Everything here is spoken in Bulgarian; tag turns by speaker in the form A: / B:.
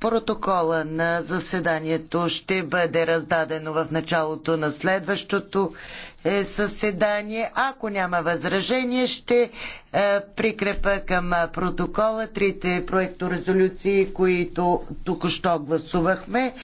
A: Протокола на заседанието ще бъде раздадено в началото на следващото заседание. Е, Ако няма възражение, ще е, прикрепа към е, протокола трите проекторезолюции, които току-що гласувахме.